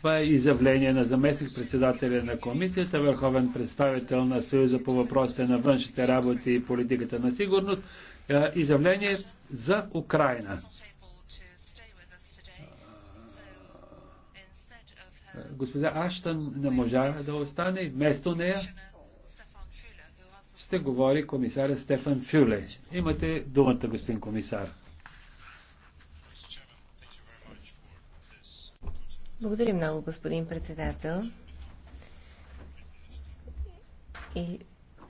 Това е изявление на заместник председателя на комисията, върховен представител на Съюза по въпросите на външните работи и политиката на сигурност. Е, изявление за Украина. Е, Господа Аштън не можа да остане вместо нея ще говори комисаря Стефан Фюле. Имате думата, господин комисар. Благодаря много, господин председател. И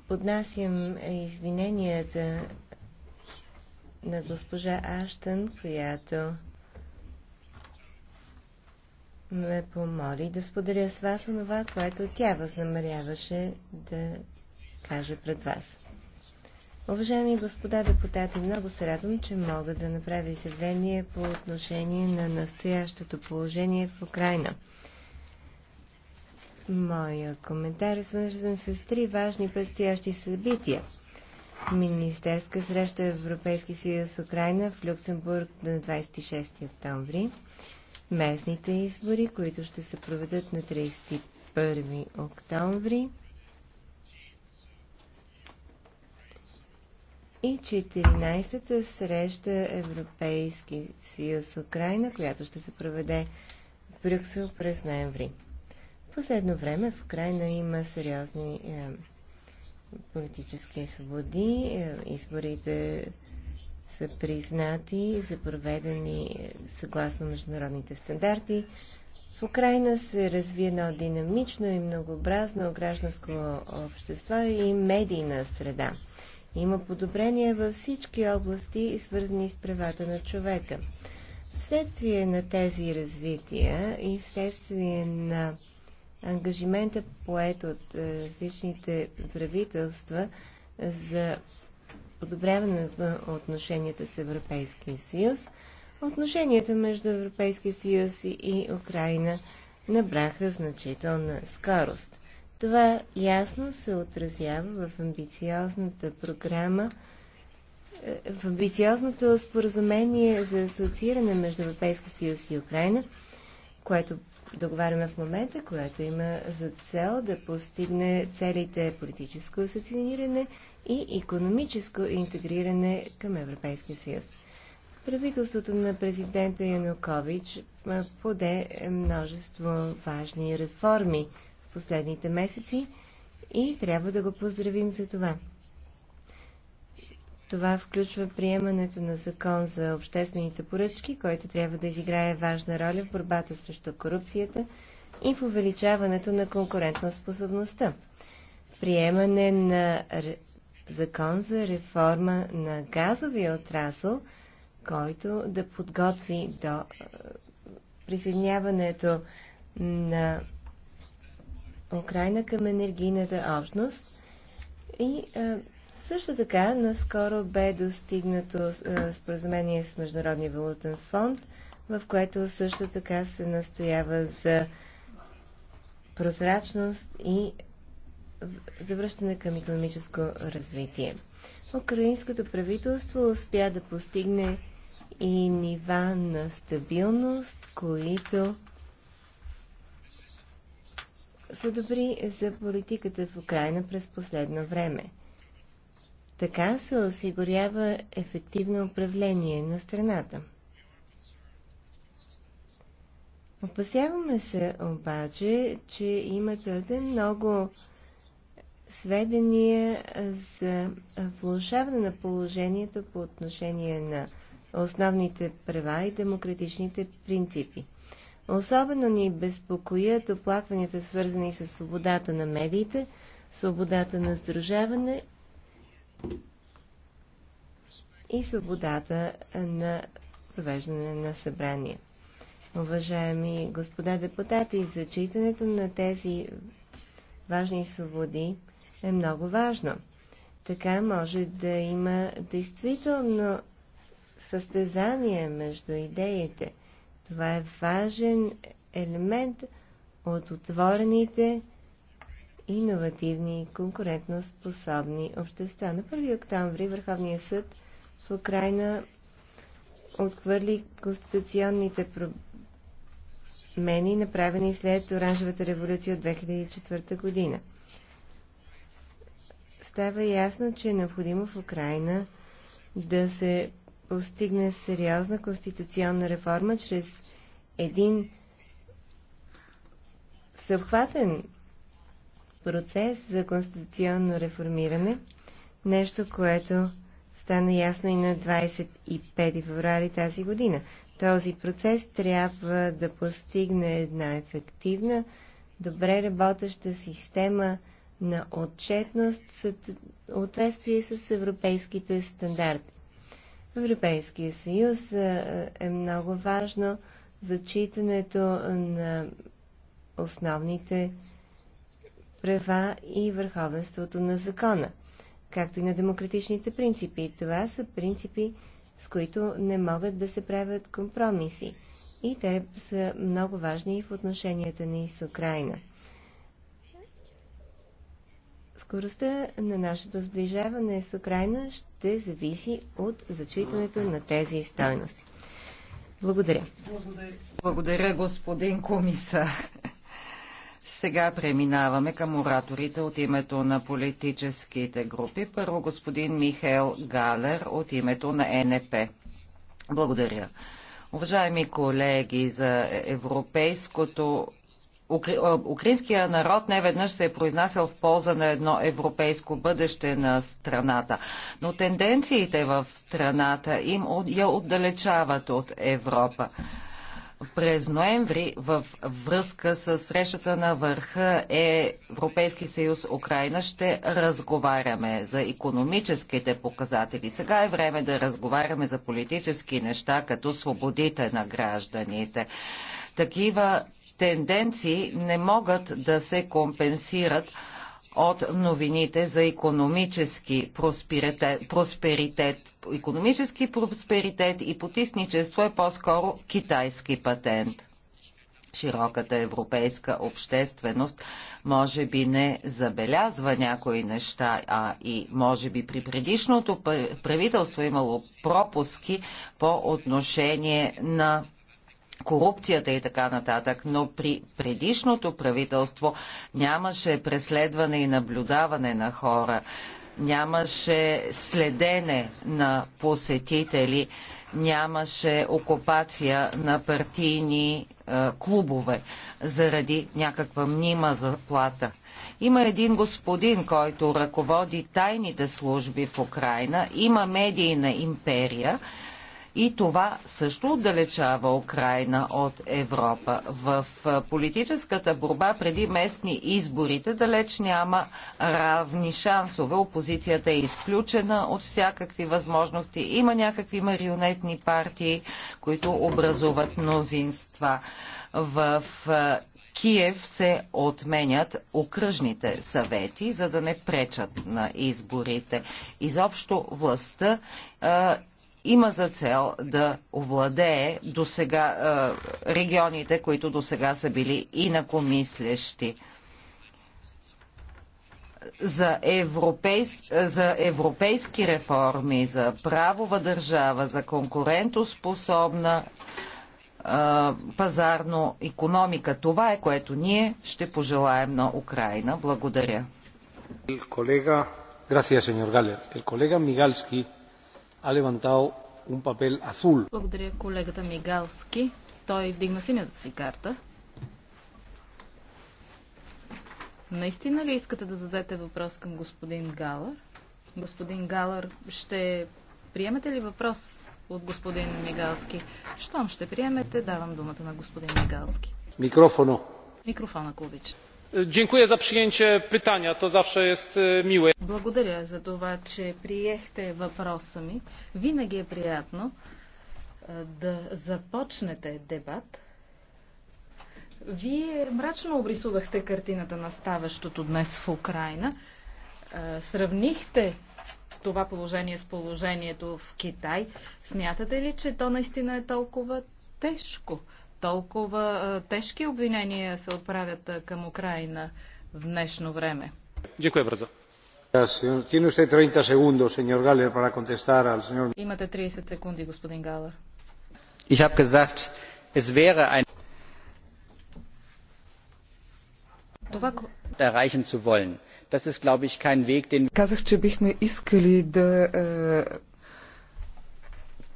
поднасям извиненията на госпожа Аштън, която ме помоли да споделя с вас онова, което тя възнамеряваше да каже пред вас. Уважаеми господа депутати, много се радвам, че мога да направя изявление по отношение на настоящото положение в Украина. Моя коментар е свързан с три важни предстоящи събития. Министерска среща Европейски съюз Украина в Люксембург на 26 октомври. Местните избори, които ще се проведат на 31 октомври. и 14-та среща Европейски съюз Украина, която ще се проведе в Брюксел през ноември. В последно време в Украина има сериозни е, политически свободи. Е, изборите са признати са проведени е, съгласно международните стандарти. В Украина се разви едно динамично и многообразно гражданско общество и медийна среда. Има подобрения във всички области, свързани с правата на човека. Вследствие на тези развития и вследствие на ангажимента поет от е, различните правителства за подобряване на отношенията с Европейския съюз, отношенията между Европейския съюз и Украина набраха значителна скорост. Това ясно се отразява в амбициозната програма, е, в амбициозното споразумение за асоцииране между Европейския съюз и Украина, което договаряме в момента, което има за цел да постигне целите политическо асоцииране и економическо интегриране към Европейския съюз. Правителството на президента Янукович поде е, множество важни реформи последните месеци и трябва да го поздравим за това. Това включва приемането на закон за обществените поръчки, който трябва да изиграе важна роля в борбата срещу корупцията и в увеличаването на конкурентна способността. Приемане на закон за реформа на газовия отрасъл, който да подготви до е, присъединяването на Украина към енергийната общност. И а, също така наскоро бе достигнато споразумение с Международния валутен фонд, в което също така се настоява за прозрачност и завръщане към економическо развитие. Украинското правителство успя да постигне и нива на стабилност, които са добри за политиката в Украина през последно време. Така се осигурява ефективно управление на страната. Опасяваме се обаче, че има твърде много сведения за влушаване на положението по отношение на основните права и демократичните принципи. Особено ни безпокоят оплакванията, свързани с свободата на медиите, свободата на сдружаване и свободата на провеждане на събрания. Уважаеми господа депутати, зачитането на тези важни свободи е много важно. Така може да има действително състезание между идеите. Това е важен елемент от отворените, иновативни и способни общества. На 1 октомври Върховния съд в Украина отхвърли конституционните промени, направени след Оранжевата революция от 2004 година. Става ясно, че е необходимо в Украина да се постигне сериозна конституционна реформа чрез един съобхватен процес за конституционно реформиране, нещо, което стана ясно и на 25 феврари тази година. Този процес трябва да постигне една ефективна, добре работеща система на отчетност в съответствие с европейските стандарти в Европейския съюз е, е много важно зачитането на основните права и върховенството на закона, както и на демократичните принципи. Това са принципи, с които не могат да се правят компромиси. И те са много важни и в отношенията ни с Украина. Скоростта на нашето сближаване с Украина ще зависи от зачитането на тези стойности. Благодаря. Благодаря, Благодаря господин комисар. Сега преминаваме към ораторите от името на политическите групи. Първо господин Михаил Галер от името на НП. Благодаря. Уважаеми колеги, за европейското Украинския народ не веднъж се е произнасял в полза на едно европейско бъдеще на страната, но тенденциите в страната им я отдалечават от Европа. През ноември в връзка с срещата на върха е Европейски съюз Украина ще разговаряме за економическите показатели. Сега е време да разговаряме за политически неща, като свободите на гражданите. Такива тенденции не могат да се компенсират от новините за економически просперитет. просперитет. Економически просперитет и потисничество е по-скоро китайски патент. Широката европейска общественост може би не забелязва някои неща, а и може би при предишното правителство е имало пропуски по отношение на корупцията и така нататък. Но при предишното правителство нямаше преследване и наблюдаване на хора, нямаше следене на посетители, нямаше окупация на партийни е, клубове заради някаква мнима заплата. Има един господин, който ръководи тайните служби в Украина, има медийна империя и това също отдалечава Украина от Европа. В политическата борба преди местни изборите далеч няма равни шансове. Опозицията е изключена от всякакви възможности. Има някакви марионетни партии, които образуват мнозинства. В Киев се отменят окръжните съвети, за да не пречат на изборите. Изобщо властта има за цел да овладее до сега, е, регионите, които до сега са били инакомислещи. За, европейс, за европейски реформи, за правова държава, за конкурентоспособна е, пазарно економика. Това е което ние ще пожелаем на Украина. Благодаря. Колега, gracias, señor Galler. El colega Migalski ha levantado un papel azul. Благодаря колегата Мигалски. Той вдигна синята си карта. Наистина ли искате да зададете въпрос към господин Галър? Господин Галър, ще приемете ли въпрос от господин Мигалски? Щом ще приемете, давам думата на господин Мигалски. Микрофоно. Микрофон, ако обичате. Dziękuję za przyjęcie pytania, to zawsze jest e, miłe. Благодаря за това, че приехте въпроса ми. Винаги е приятно е, да започнете дебат. Вие мрачно обрисувахте картината на ставащото днес в Украина. Е, сравнихте това положение с положението в Китай. Смятате ли, че то наистина е толкова тежко? Толкова тежки обвинения се отправят към Украина в днешно време. Дякую бързо. Имате 30 секунди, господин Галър. Ich habe gesagt, es wäre ein erreichen zu wollen. Das ist, glaube ich, kein Weg, den Казах, че бихме искали да е,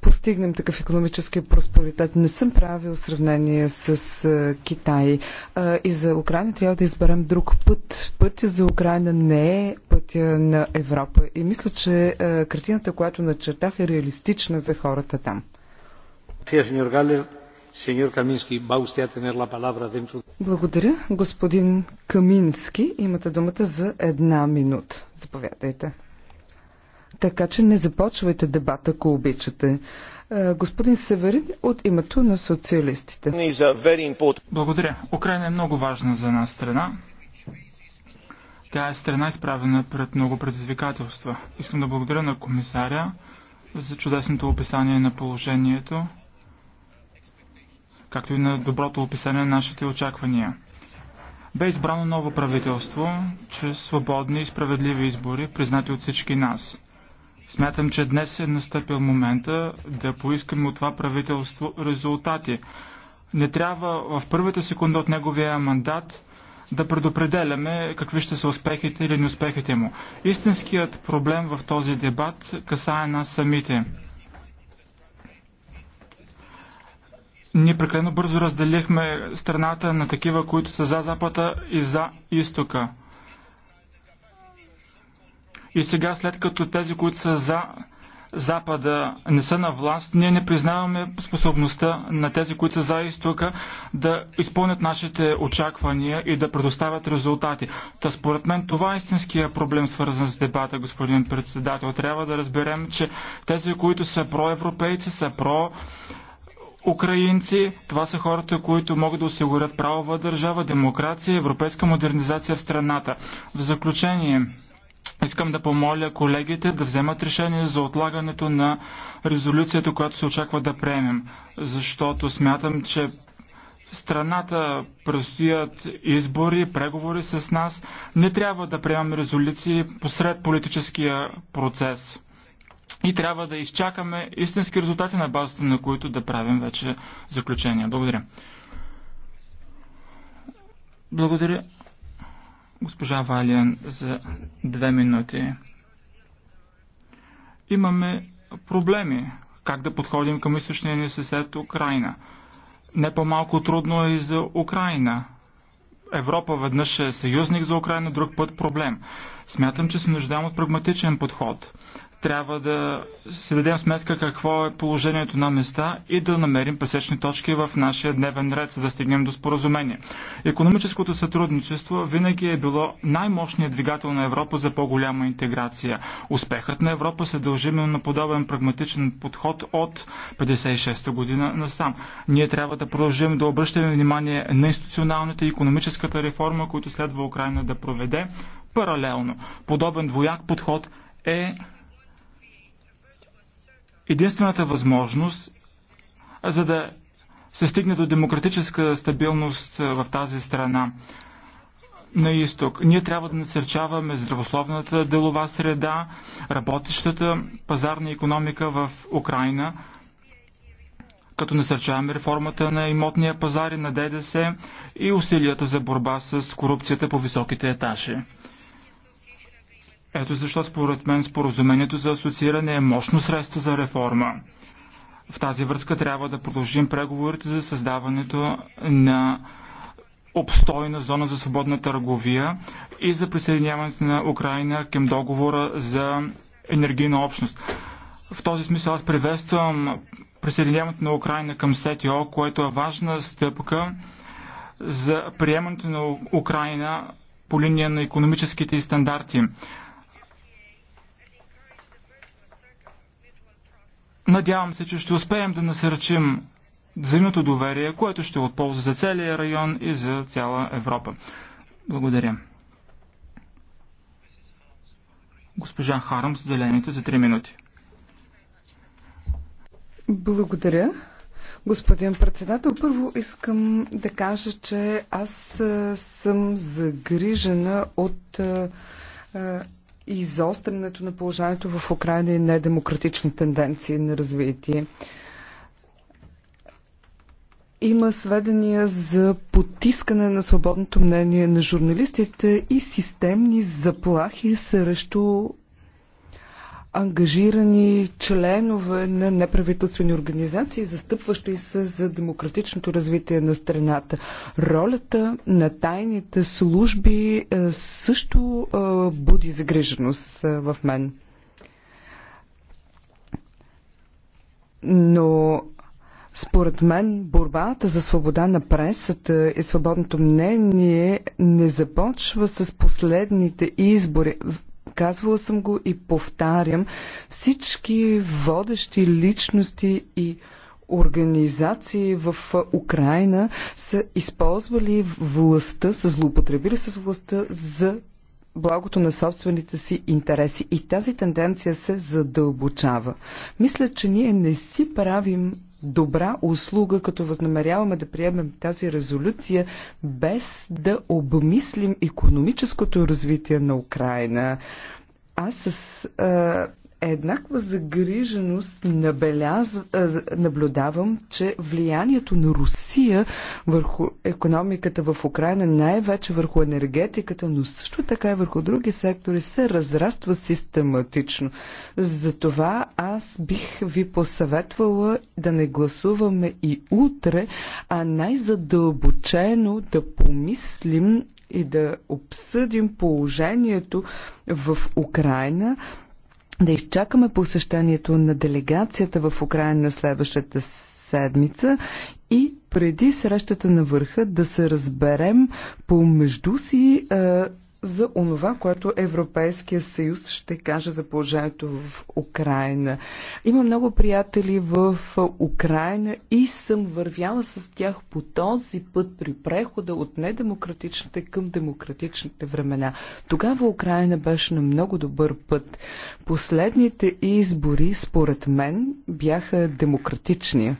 постигнем такъв економически просперитет. Не съм правил сравнение с Китай. И за Украина трябва да изберем друг път. Пътя за Украина не е пътя на Европа. И мисля, че картината, която начертах, е реалистична за хората там. Благодаря. Господин Камински, имате думата за една минута. Заповядайте. Така че не започвайте дебата, ако обичате. Е, господин Северин от името на социалистите. Благодаря. Украина е много важна за нас страна. Тя е страна изправена пред много предизвикателства. Искам да благодаря на комисаря за чудесното описание на положението, както и на доброто описание на нашите очаквания. Бе избрано ново правителство чрез свободни и справедливи избори, признати от всички нас. Смятам, че днес е настъпил момента да поискаме от това правителство резултати. Не трябва в първата секунда от неговия мандат да предопределяме какви ще са успехите или неуспехите му. Истинският проблем в този дебат касае нас самите. Ние прекалено бързо разделихме страната на такива, които са за Запада и за Изтока. И сега, след като тези, които са за Запада не са на власт, ние не признаваме способността на тези, които са за изтока, да изпълнят нашите очаквания и да предоставят резултати. Та според мен това е истинския проблем, свързан с дебата, господин председател. Трябва да разберем, че тези, които са проевропейци, са про украинци, това са хората, които могат да осигурят правова държава, демокрация, европейска модернизация в страната. В заключение, Искам да помоля колегите да вземат решение за отлагането на резолюцията, която се очаква да приемем, защото смятам, че страната предстоят избори, преговори с нас. Не трябва да приемаме резолюции посред политическия процес. И трябва да изчакаме истински резултати на базата, на които да правим вече заключения. Благодаря. Благодаря. Госпожа Валиан за две минути. Имаме проблеми как да подходим към източния ни съсед Украина. Не по-малко трудно е и за Украина. Европа веднъж е съюзник за Украина, друг път проблем. Смятам, че се нуждаем от прагматичен подход трябва да се дадем сметка какво е положението на места и да намерим пресечни точки в нашия дневен ред, за да стигнем до споразумение. Економическото сътрудничество винаги е било най-мощният двигател на Европа за по-голяма интеграция. Успехът на Европа се дължи на подобен прагматичен подход от 56-та година насам. Ние трябва да продължим да обръщаме внимание на институционалната и економическата реформа, които следва Украина да проведе паралелно. Подобен двояк подход е единствената възможност, за да се стигне до демократическа стабилност в тази страна на изток. Ние трябва да насърчаваме здравословната делова среда, работещата пазарна економика в Украина, като насърчаваме реформата на имотния пазар и на ДДС и усилията за борба с корупцията по високите етажи. Ето защо според мен споразумението за асоцииране е мощно средство за реформа. В тази връзка трябва да продължим преговорите за създаването на обстойна зона за свободна търговия и за присъединяването на Украина към договора за енергийна общност. В този смисъл аз приветствам присъединяването на Украина към СТО, което е важна стъпка за приемането на Украина по линия на економическите и стандарти. Надявам се, че ще успеем да насърчим взаимното доверие, което ще е от полза за целия район и за цяла Европа. Благодаря. Госпожа Харам, зелените за 3 минути. Благодаря. Господин председател, първо искам да кажа, че аз съм загрижена от изострянето на положението в Украина и е недемократични тенденции на развитие. Има сведения за потискане на свободното мнение на журналистите и системни заплахи срещу ангажирани членове на неправителствени организации, застъпващи се за демократичното развитие на страната. Ролята на тайните служби е, също е, буди загриженост е, в мен. Но според мен борбата за свобода на пресата и свободното мнение не започва с последните избори. Казвала съм го и повтарям. Всички водещи личности и организации в Украина са използвали властта, са злоупотребили с властта за благото на собствените си интереси. И тази тенденция се задълбочава. Мисля, че ние не си правим добра услуга, като възнамеряваме да приемем тази резолюция, без да обмислим економическото развитие на Украина. Аз с а, еднаква загриженост набелязва наблюдавам, че влиянието на Русия върху економиката в Украина, най-вече върху енергетиката, но също така и върху други сектори, се разраства систематично. Затова аз бих ви посъветвала да не гласуваме и утре, а най-задълбочено да помислим и да обсъдим положението в Украина, да изчакаме посещението на делегацията в Украина следващата седмица и преди срещата на върха да се разберем помежду си. Е, за онова, което Европейския съюз ще каже за положението в Украина. Има много приятели в Украина и съм вървяла с тях по този път при прехода от недемократичните към демократичните времена. Тогава Украина беше на много добър път. Последните избори, според мен, бяха демократични.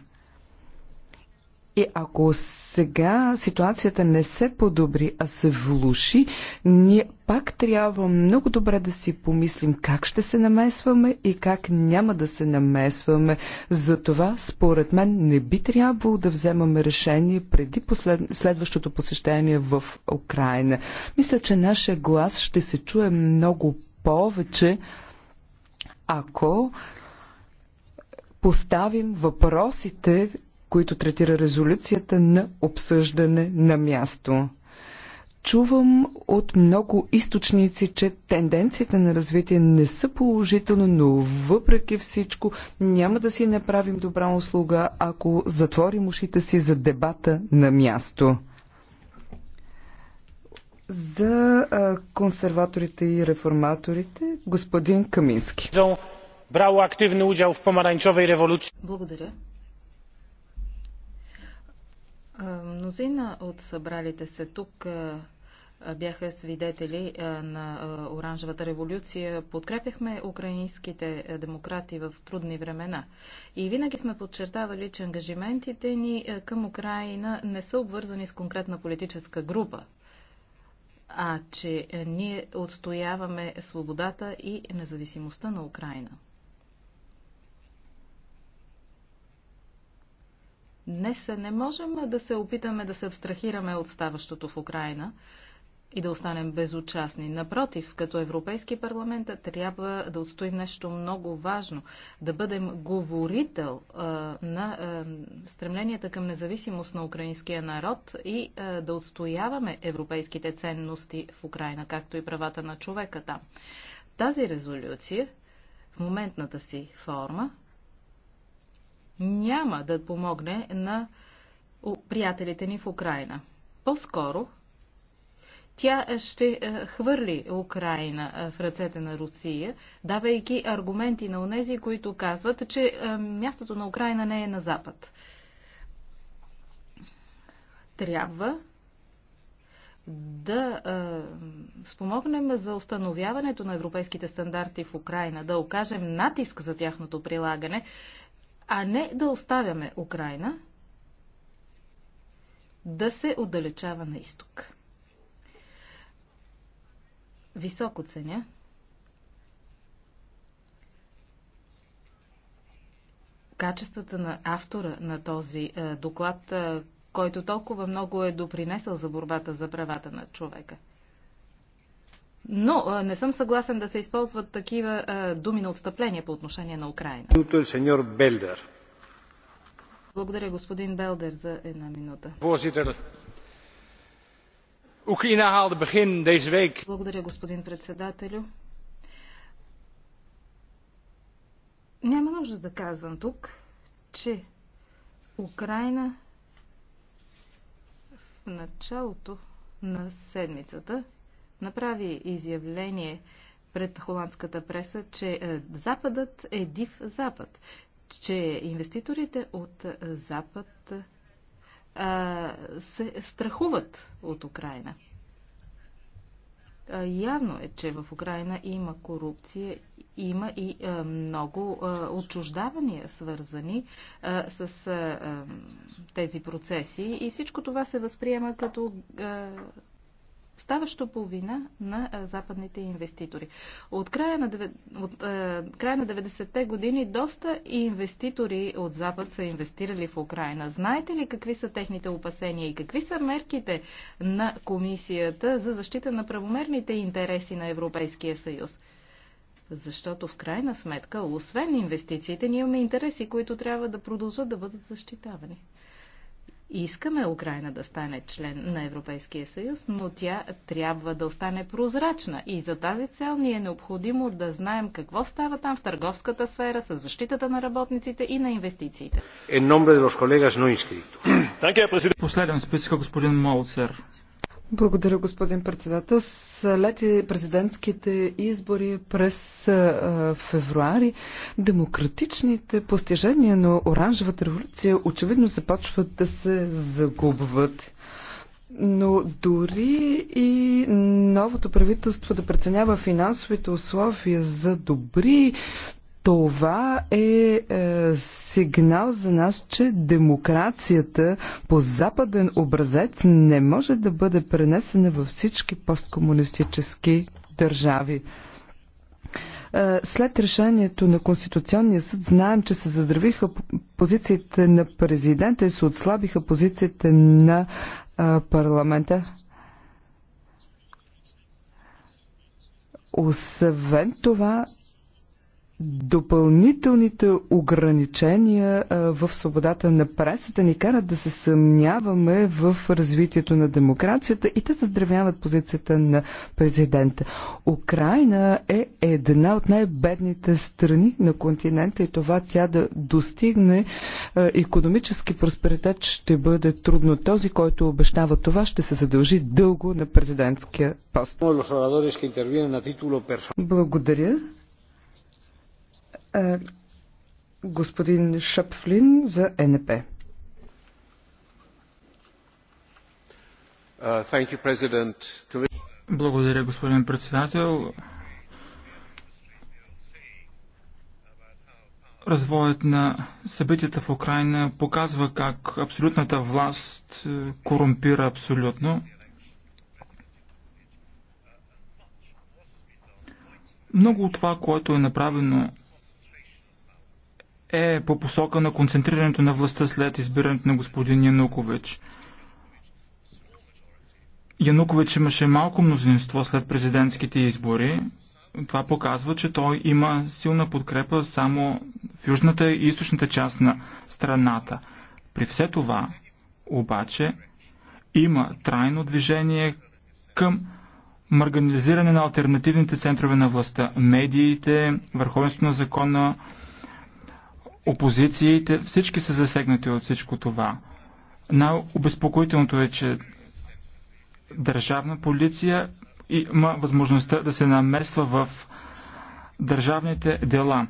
И ако сега ситуацията не се подобри, а се влуши, ние пак трябва много добре да си помислим как ще се намесваме и как няма да се намесваме. Затова, според мен, не би трябвало да вземаме решение преди послед... следващото посещение в Украина. Мисля, че нашия глас ще се чуе много повече, ако поставим въпросите които третира резолюцията на обсъждане на място. Чувам от много източници, че тенденциите на развитие не са положителни, но въпреки всичко няма да си направим добра услуга, ако затворим ушите си за дебата на място. За консерваторите и реформаторите, господин Камински. активен удел в помаранчовой революции. Благодаря. Мнозина от събралите се тук бяха свидетели на Оранжевата революция. Подкрепяхме украинските демократи в трудни времена. И винаги сме подчертавали, че ангажиментите ни към Украина не са обвързани с конкретна политическа група, а че ние отстояваме свободата и независимостта на Украина. Днес не можем да се опитаме да се абстрахираме от ставащото в Украина и да останем безучастни. Напротив, като Европейски парламент трябва да отстоим нещо много важно, да бъдем говорител а, на а, стремленията към независимост на украинския народ и а, да отстояваме европейските ценности в Украина, както и правата на човека там. Тази резолюция в моментната си форма няма да помогне на приятелите ни в Украина. По-скоро тя ще е, хвърли Украина е, в ръцете на Русия, давайки аргументи на онези, които казват, че е, мястото на Украина не е на Запад. Трябва да е, спомогнем за установяването на европейските стандарти в Украина, да окажем натиск за тяхното прилагане, а не да оставяме Украина да се отдалечава на изток. Високо ценя качествата на автора на този е, доклад, е, който толкова много е допринесъл за борбата за правата на човека. Но не съм съгласен да се използват такива думи на отстъпление по отношение на Украина. Благодаря, господин Белдер, за една минута. Благодаря, господин председателю. Няма нужда да казвам тук, че Украина в началото на седмицата направи изявление пред холандската преса, че е, Западът е див Запад, че инвеститорите от е, Запад а, е, се страхуват от Украина. А, явно е, че в Украина има корупция, има и а, много а, отчуждавания, свързани а, с а, тези процеси и всичко това се възприема като а, ставащо по вина на западните инвеститори. От края на, от, е, края на 90-те години доста инвеститори от Запад са инвестирали в Украина. Знаете ли какви са техните опасения и какви са мерките на комисията за защита на правомерните интереси на Европейския съюз? Защото в крайна сметка, освен инвестициите, ние имаме интереси, които трябва да продължат да бъдат защитавани. Искаме Украина да стане член на Европейския съюз, но тя трябва да остане прозрачна. И за тази цел ни е необходимо да знаем какво става там в търговската сфера, с защитата на работниците и на инвестициите. Последен списък господин Молцер. Благодаря, господин председател. След президентските избори през а, февруари, демократичните постижения на Оранжевата революция очевидно започват да се загубват. Но дори и новото правителство да преценява финансовите условия за добри, това е, е сигнал за нас, че демокрацията по западен образец не може да бъде пренесена във всички посткомунистически държави. Е, след решението на Конституционния съд знаем, че се заздравиха позициите на президента и се отслабиха позициите на е, парламента. Освен това, допълнителните ограничения в свободата на пресата ни карат да се съмняваме в развитието на демокрацията и те заздравяват позицията на президента. Украина е една от най-бедните страни на континента и това тя да достигне економически просперитет ще бъде трудно. Този, който обещава това, ще се задължи дълго на президентския пост. Благодаря. Е, господин Шъпфлин за НП. Е, Благодаря, господин председател. Развоят на събитията в Украина показва как абсолютната власт е, корумпира абсолютно. Много от това, което е направено е по посока на концентрирането на властта след избирането на господин Янукович. Янукович имаше малко мнозинство след президентските избори. Това показва, че той има силна подкрепа само в южната и източната част на страната. При все това, обаче, има трайно движение към марганализиране на альтернативните центрове на властта. Медиите, върховенството на закона, опозициите, всички са засегнати от всичко това. Най-обезпокоителното е, че държавна полиция има възможността да се намесва в държавните дела.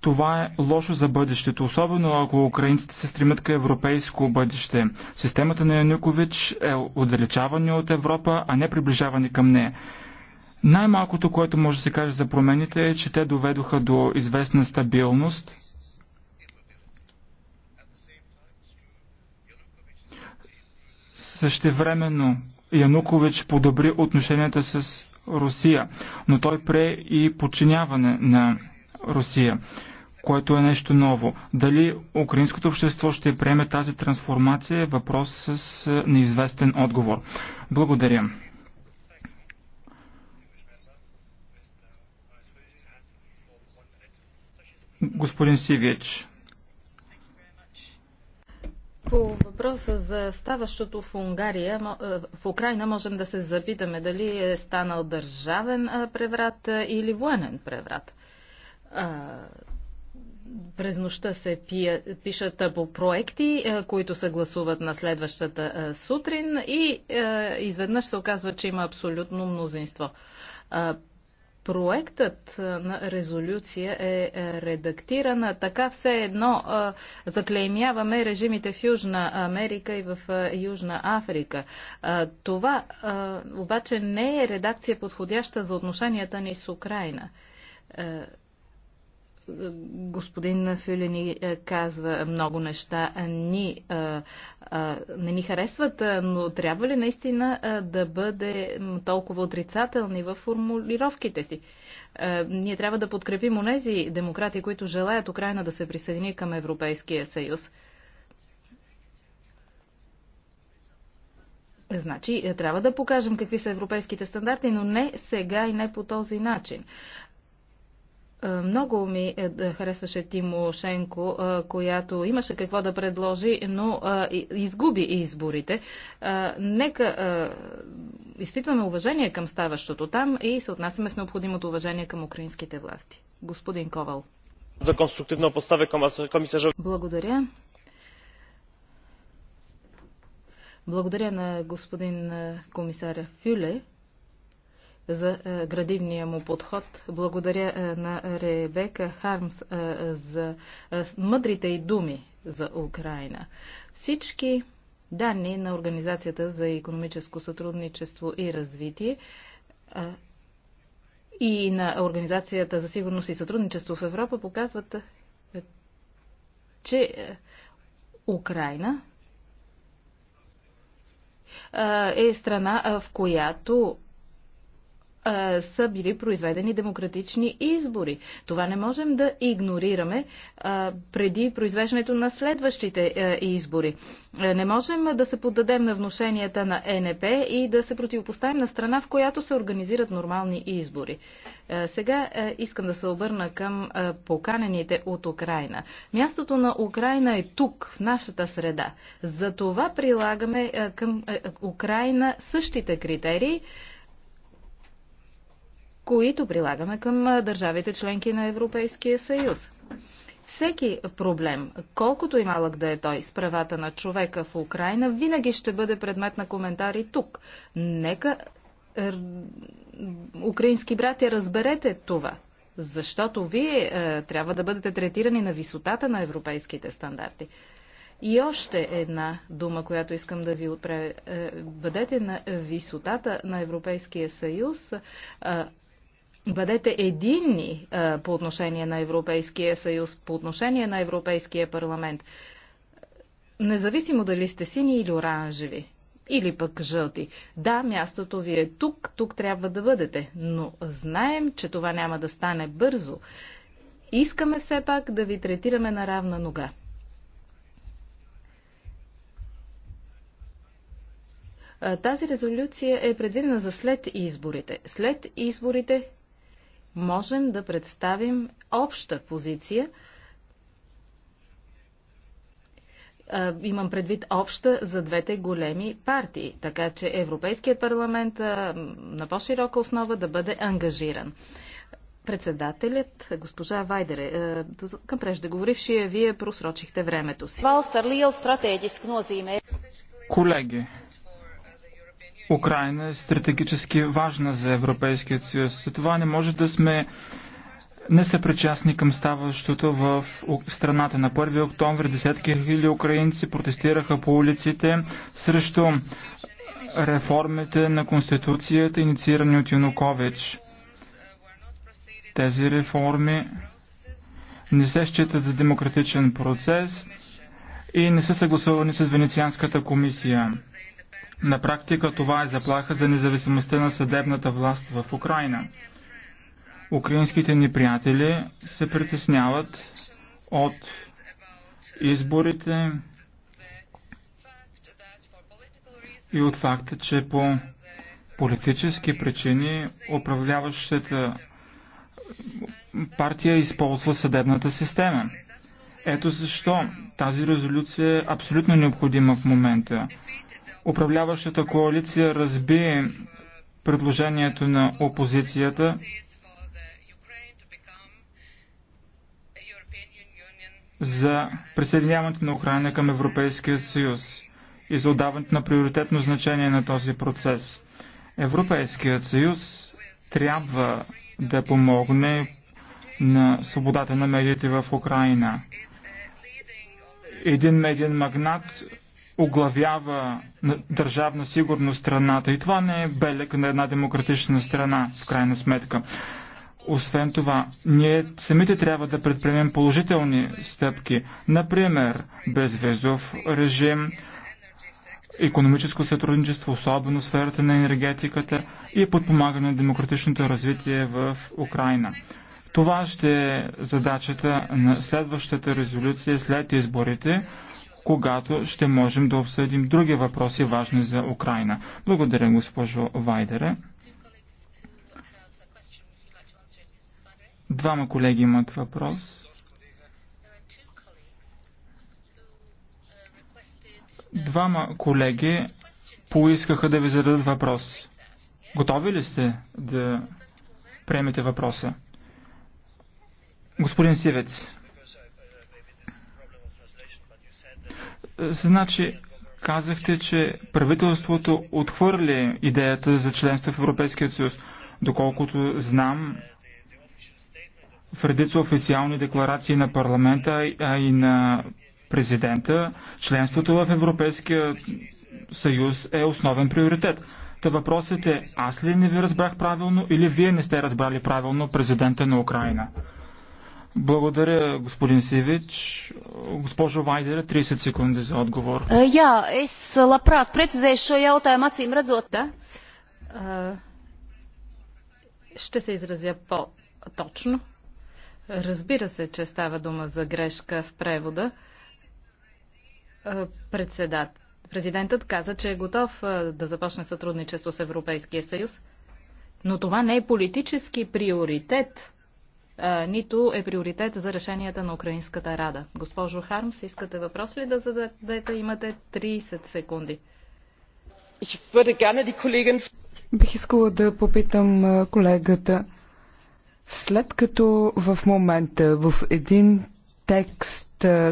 Това е лошо за бъдещето, особено ако украинците се стремят към европейско бъдеще. Системата на Янукович е отдалечаване от Европа, а не приближаване към нея. Най-малкото, което може да се каже за промените е, че те доведоха до известна стабилност Същевременно Янукович подобри отношенията с Русия, но той прие и подчиняване на Русия, което е нещо ново. Дали украинското общество ще приеме тази трансформация е въпрос с неизвестен отговор. Благодаря. Господин Сивич въпроса за ставащото в Унгария, е, в Украина можем да се запитаме дали е станал държавен е, преврат е, или военен преврат. През нощта се пия, пишат по проекти, които се гласуват на следващата сутрин и изведнъж се оказва, че има абсолютно мнозинство проектът на резолюция е, е редактиран така все едно заклеймяваме режимите в Южна Америка и в Южна Африка. Това обаче не е редакция подходяща за отношенията ни с Украина господин Фюлини е, казва много неща, е, ни, а, е, а, не ни харесват, но трябва ли наистина да бъде толкова отрицателни в формулировките си? Ние трябва да подкрепим онези демократи, които желаят Украина да се присъедини към Европейския съюз. Значи, трябва да покажем какви са европейските стандарти, но не сега и не по този начин. Е, много ми е, харесваше Тимошенко, е, която имаше какво да предложи, но изгуби изборите. Нека изпитваме уважение към ставащото там и се отнасяме с необходимото уважение към украинските власти. Господин Ковал. За конструктивна поставя комисаря. Благодаря. Благодаря на господин комисаря Фюле за е, градивния му подход. Благодаря е, на Ребека Хармс е, за мъдрите и думи за Украина. Всички данни на Организацията за економическо сътрудничество и развитие и на Организацията за сигурност и сътрудничество в Европа показват, че Украина е страна, в която а, са били произведени демократични избори. Това не можем да игнорираме а, преди произвеждането на следващите а, избори. Не можем да се поддадем на вношенията на ЕНП и да се противопоставим на страна, в която се организират нормални избори. Сега искам да се обърна към поканените от Украина. Мястото на Украина е тук, в нашата среда. За това прилагаме към Украина същите критерии, които прилагаме към държавите членки на Европейския съюз. Всеки проблем, колкото и малък да е той с правата на човека в Украина, винаги ще бъде предмет на коментари тук. Нека украински братя, разберете това, защото вие е, трябва да бъдете третирани на висотата на европейските стандарти. И още една дума, която искам да ви отправя. Е, бъдете на висотата на Европейския съюз. Е, бъдете единни а, по отношение на Европейския съюз, по отношение на Европейския парламент. Независимо дали сте сини или оранжеви, или пък жълти. Да, мястото ви е тук, тук трябва да бъдете, но знаем, че това няма да стане бързо. Искаме все пак да ви третираме на равна нога. Тази резолюция е предвидена за след изборите. След изборите можем да представим обща позиция. Имам предвид обща за двете големи партии, така че Европейският парламент на по-широка основа да бъде ангажиран председателят, госпожа Вайдере, към преждеговорившия, вие просрочихте времето си. Колеги, Украина е стратегически важна за Европейският съюз. За това не може да сме не са причастни към ставащото в страната. На 1 октомври десетки хиляди украинци протестираха по улиците срещу реформите на Конституцията, инициирани от Юнукович. Тези реформи не се считат за демократичен процес и не са съгласувани с Венецианската комисия. На практика това е заплаха за независимостта на съдебната власт в Украина. Украинските ни приятели се притесняват от изборите и от факта, че по политически причини управляващата партия използва съдебната система. Ето защо тази резолюция е абсолютно необходима в момента управляващата коалиция разби предложението на опозицията за присъединяването на Украина към Европейския съюз и за отдаването на приоритетно значение на този процес. Европейският съюз трябва да помогне на свободата на медиите в Украина. Един медиен магнат оглавява държавна сигурност страната. И това не е белег на една демократична страна, в крайна сметка. Освен това, ние самите трябва да предприемем положителни стъпки. Например, безвезов режим, економическо сътрудничество, особено в сферата на енергетиката и подпомагане на демократичното развитие в Украина. Това ще е задачата на следващата резолюция след изборите, когато ще можем да обсъдим други въпроси важни за Украина. Благодаря, госпожо Вайдере. Двама колеги имат въпрос. Двама колеги поискаха да ви зададат въпрос. Готови ли сте да приемете въпроса? Господин Сивец. Значи, казахте, че правителството отхвърли идеята за членство в Европейския съюз. Доколкото знам, в редица официални декларации на парламента, а и на президента, членството в Европейския съюз е основен приоритет. Та въпросът е, аз ли не ви разбрах правилно или вие не сте разбрали правилно президента на Украина? Благодаря, господин Сивич. Госпожо Вайдера, 30 секунди за отговор. Jā, е, es я от тая jautājumu им радзот. Да. Ще се изразя по-точно. Разбира се, че става дума за грешка в превода. Президентът каза, че е готов да започне сътрудничество с Европейския съюз, но това не е политически приоритет нито е приоритет за решенията на Украинската рада. Госпожо Хармс, искате въпрос ли да зададете? Имате 30 секунди. Бих искала да попитам колегата. След като в момента в един текст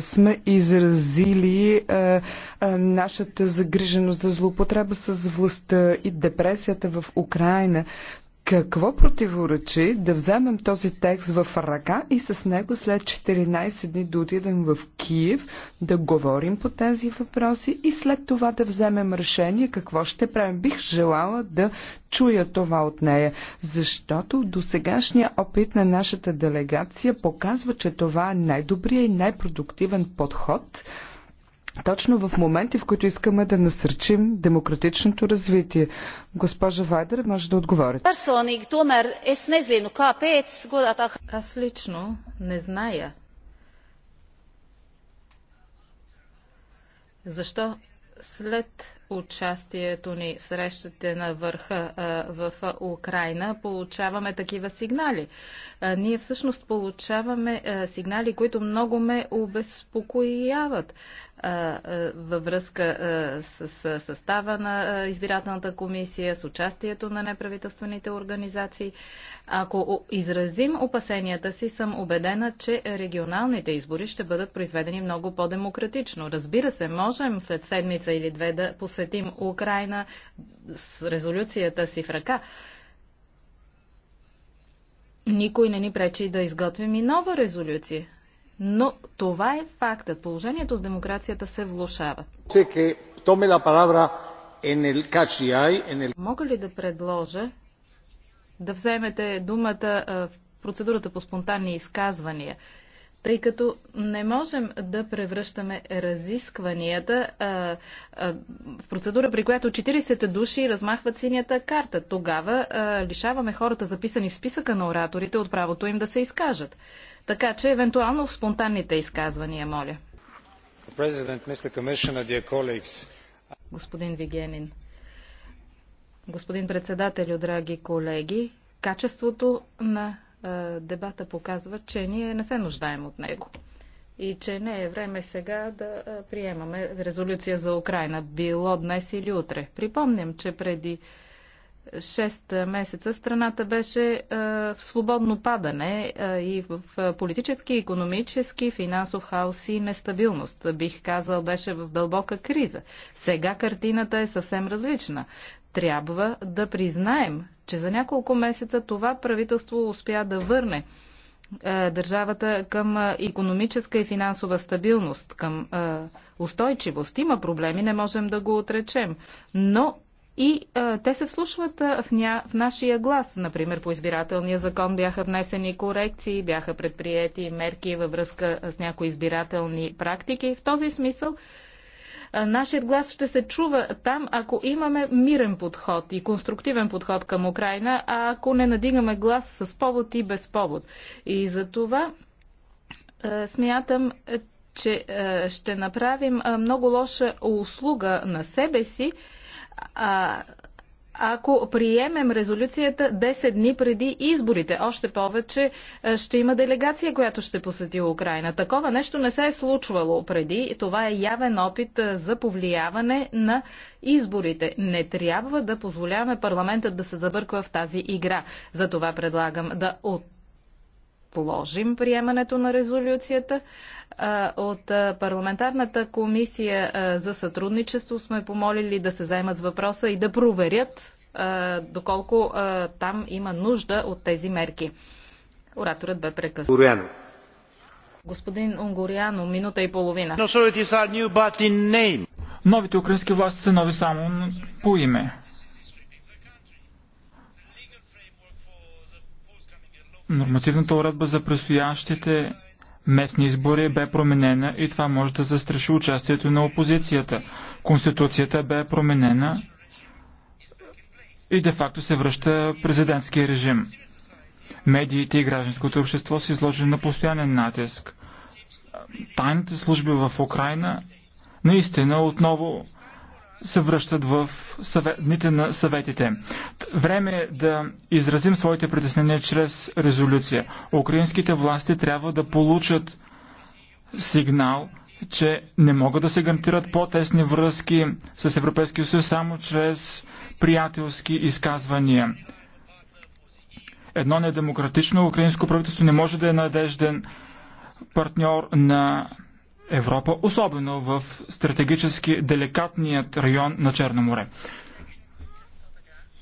сме изразили а, а, нашата загриженост за злоупотреба с властта и депресията в Украина. Какво противоречи да вземем този текст в ръка и с него след 14 дни да отидем в Киев, да говорим по тези въпроси и след това да вземем решение какво ще правим? Бих желала да чуя това от нея, защото до сегашния опит на нашата делегация показва, че това е най-добрият и най-продуктивен подход – точно в моменти, в които искаме да насърчим демократичното развитие. Госпожа Вайдер, може да отговорите. Аз лично не зная защо след участието ни в срещите на върха в Украина получаваме такива сигнали. Ние всъщност получаваме сигнали, които много ме обезпокояват във връзка с състава на избирателната комисия, с участието на неправителствените организации. Ако изразим опасенията си, съм убедена, че регионалните избори ще бъдат произведени много по-демократично. Разбира се, можем след седмица или две да посетим Украина с резолюцията си в ръка. Никой не ни пречи да изготвим и нова резолюция. Но това е фактът. Положението с демокрацията се влушава. Мога ли да предложа да вземете думата в процедурата по спонтанни изказвания? тъй като не можем да превръщаме разискванията а, а, в процедура, при която 40 души размахват синята карта. Тогава а, лишаваме хората, записани в списъка на ораторите, от правото им да се изкажат. Така че, евентуално в спонтанните изказвания, моля. Господин Вигенин, господин председател, драги колеги, качеството на а, дебата показва, че ние не се нуждаем от него и че не е време сега да приемаме резолюция за Украина, било днес или утре. Припомням, че преди 6 месеца страната беше е, в свободно падане е, и в политически, економически, финансов хаос и нестабилност. Бих казал, беше в дълбока криза. Сега картината е съвсем различна. Трябва да признаем, че за няколко месеца това правителство успя да върне е, държавата към економическа и финансова стабилност, към устойчивост. Има проблеми, не можем да го отречем. Но и а, те се вслушват а, в, ня, в нашия глас. Например, по избирателния закон бяха внесени корекции, бяха предприяти мерки във връзка с някои избирателни практики. В този смисъл а, нашият глас ще се чува там, ако имаме мирен подход и конструктивен подход към Украина, а ако не надигаме глас с повод и без повод. И за това а, смятам, че а, ще направим а, много лоша услуга на себе си, а, ако приемем резолюцията 10 дни преди изборите. Още повече е, ще има делегация, която ще посети Украина. Такова нещо не се е случвало преди. Това е явен опит е, за повлияване на изборите. Не трябва да позволяваме парламентът да се забърква в тази игра. Затова предлагам да от отложим приемането на резолюцията. От парламентарната комисия за сътрудничество сме помолили да се заемат с въпроса и да проверят доколко там има нужда от тези мерки. Ораторът бе прекъснат. Господин Унгоряно, минута и половина. Новите украински власти са нови само по име. Нормативната уредба за предстоящите местни избори бе променена и това може да застраши участието на опозицията. Конституцията бе променена и де-факто се връща президентския режим. Медиите и гражданското общество са изложени на постоянен натиск. Тайните служби в Украина наистина отново се връщат в дните на съветите. Време е да изразим своите притеснения чрез резолюция. Украинските власти трябва да получат сигнал, че не могат да се гарантират по-тесни връзки с Европейския съюз само чрез приятелски изказвания. Едно недемократично украинско правителство не може да е надежден партньор на Европа, особено в стратегически деликатният район на Черно море.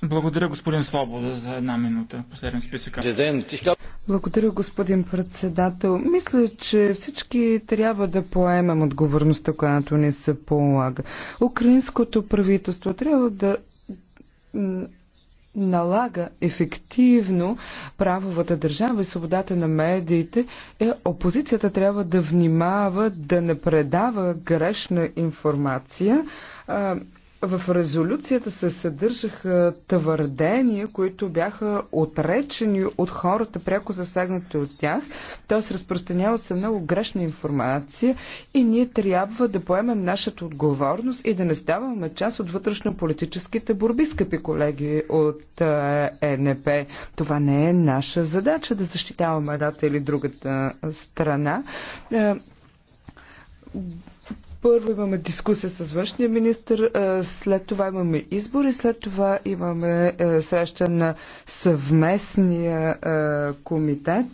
Благодаря, господин Свобода, за една минута. Последен списък. Благодаря, господин председател. Мисля, че всички трябва да поемем отговорността, която ни се полага. Украинското правителство трябва да налага ефективно правовата държава и свободата на медиите, е, опозицията трябва да внимава да не предава грешна информация. А, в резолюцията се съдържаха твърдения, които бяха отречени от хората, пряко засегнати от тях. Тоест разпространява се много грешна информация и ние трябва да поемем нашата отговорност и да не ставаме част от вътрешно-политическите борби, скъпи колеги от ЕНП. Е Това не е наша задача да защитаваме едната или другата страна е, първо имаме дискусия с външния министр, след това имаме избори, след това имаме среща на съвместния комитет.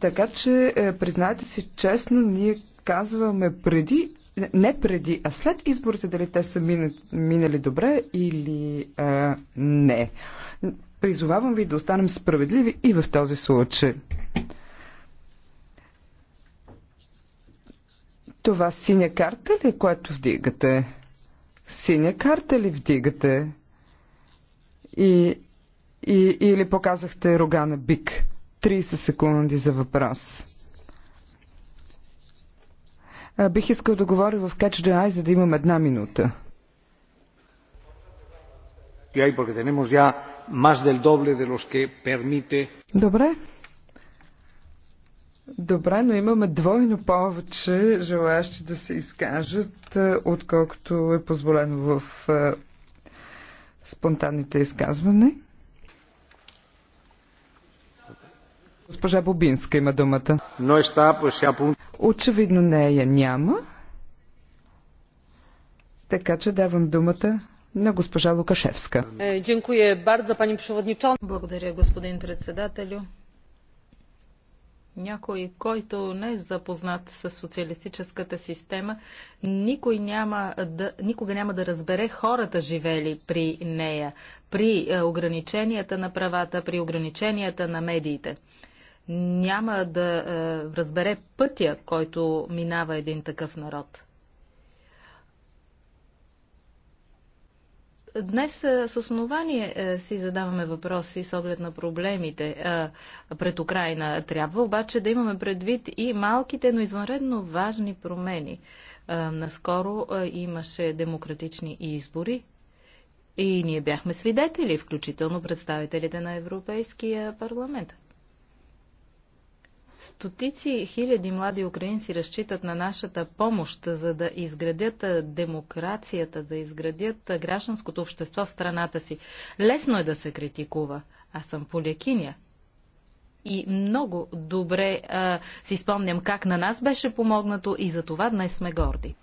Така че, признайте си честно, ние казваме преди, не преди, а след изборите, дали те са минали, добре или не. Призовавам ви да останем справедливи и в този случай. Това синя карта ли, е, която вдигате? Синя карта ли вдигате? И, и, или показахте рога на бик? 30 секунди за въпрос. А, бих искал да говоря в Catch the Eye, за да имам една минута. Добре. Добре, но имаме двойно повече желаящи да се изкажат, е, отколкото е позволено в е, спонтанните изказване. Госпожа Бобинска има думата. Очевидно нея няма. Така че давам думата на госпожа Лукашевска. Е, Благодаря, господин председателю някой, който не е запознат с социалистическата система, никой няма да, никога няма да разбере хората живели при нея, при е, ограниченията на правата, при ограниченията на медиите. Няма да е, разбере пътя, който минава един такъв народ. Днес с основание си задаваме въпроси с оглед на проблемите пред Украина. Трябва обаче да имаме предвид и малките, но извънредно важни промени. Наскоро имаше демократични избори и ние бяхме свидетели, включително представителите на Европейския парламент. Стотици хиляди млади украинци разчитат на нашата помощ, за да изградят демокрацията, да изградят гражданското общество в страната си. Лесно е да се критикува. Аз съм полякиня. И много добре а, си спомням как на нас беше помогнато и за това днес сме горди.